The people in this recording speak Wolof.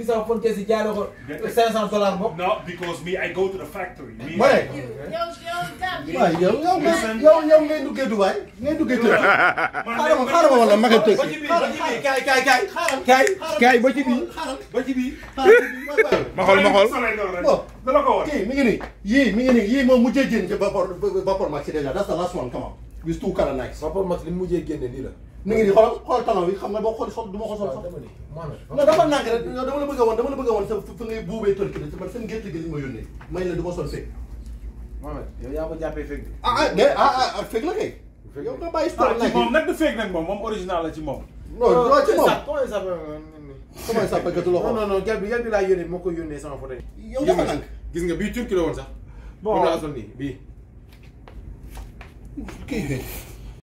These are phone cases, dialogue, 500 dollars more. No, because me, I go to the factory. Me, Why? Yo, yo, yo, man, yo, yo, ngay duggee Dubai, ngay duggee Dubai. Xaaral ma, xaaral ma wala ma koy tekki. Kay, kay, kay, kay, kay, ba ci bii, ba ci bii. Ma xool, ma xool. Da la ko woon. Kii mi ngi nii, yii mi ngi nii, yii moom mujjee jën ci Vapor Max déjà. That's the last one, come on. With two color nights. Vapor Max li mujjee génne nii la. mi ngi di xool xool talon bi xam nga boo xool xool du ma ko sol sax. non dafa nànk rek dama la bëgg a woon dama la bëgg a woon sa fi ngay buubee tënk de man seen gerte gi lañ ma yónnee may la du ma sol fekk. Mohamed yow yaa ko jàppee fekk. ah ah mais ah ah, ah fekk la kay. yow nga bàyyi story nag ah, moom nag du fekk nag moom moom original la ci moom. non non ci euh, moom comment ça euh, comment ça peut gëstu loxo. non non gerte bi yàgg laa yónnee moo ko yónnee sama photo yi. yow dafa nànk gis nga bii turki la woon sax. bon moom laa sol nii bii. kii